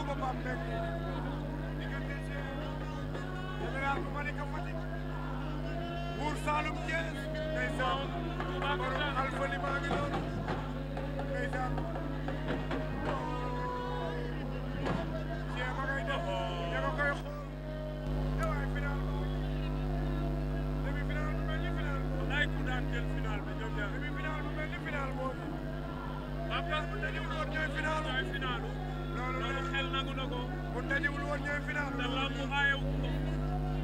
réew ba Pape Mbengue diggante général bu ma nekk Fatick Buur Saalum Thiès ndeysaan borom alfali baa ngi noonu ndeysaan ceeba ngay def ña nga koy xool e waay final demi final bu mel ni final lay ku daan jël final bi ñoom ñaar demi final bu mel ni final boobu am na dañu woon ñooy final loolu gañewul woon ñooy final. te lamb aayewu ko.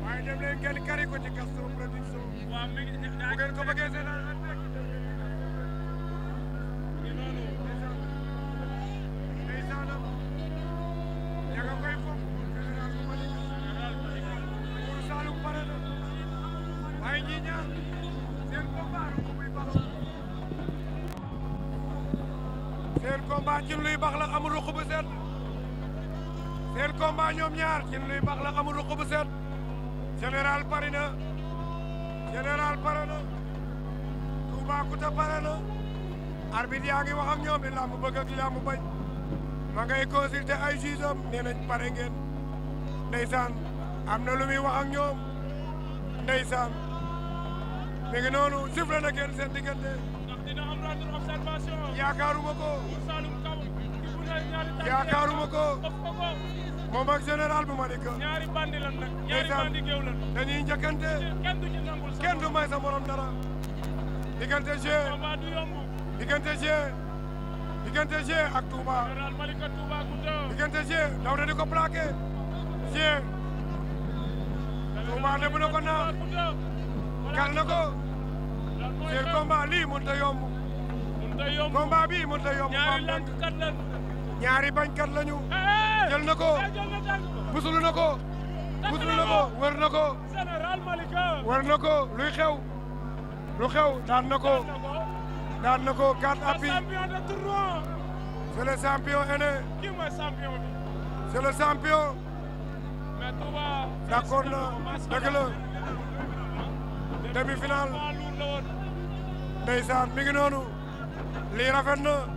waaye dem leen ngeen kari ko ci Gaston Production. waaw mi ngi bu ngeen ko bëggee seen ànd rek. noonu. ndeysaanam. yaa nga koy foog. général bu Malick. pour Saloum pare na. waaye ñii ñaar seen combat lu muy bax la. seen combat ci luy bax la amul ruq bu set. seen combat ñoom ñaar ci luy baax la amul set général pare na général pare na Toubacouta pare na arbitre ngi wax ak ñoom li làmb bëgg ak làmb bañ ma ngay consulté ay juge am nee nañ pare am na lu muy wax ak ñoom ndeysaan mi ngi noonu na kenn seen diggante ndax dina am yaakaaruma ko moom ak bu Malika. ñaari bandi lan nag ñaari kenn du may sa morom dara diggante G diggante G diggante G ak Touba diggante G daw na di ko plaqué G lii mënut yomb combat bii mënut yomb ñaari ñaari bañkat lañu. jël na ko busulu na ko. busulu na ko wër na ko. wër na ko luy xew. lu xew daan na ko. daan na ko quatre appuis. c'est le champion aîné. c'est le champion. d'accord na dëgg la. demi-finale. ndeysaan mi ngi noonu. rafet na.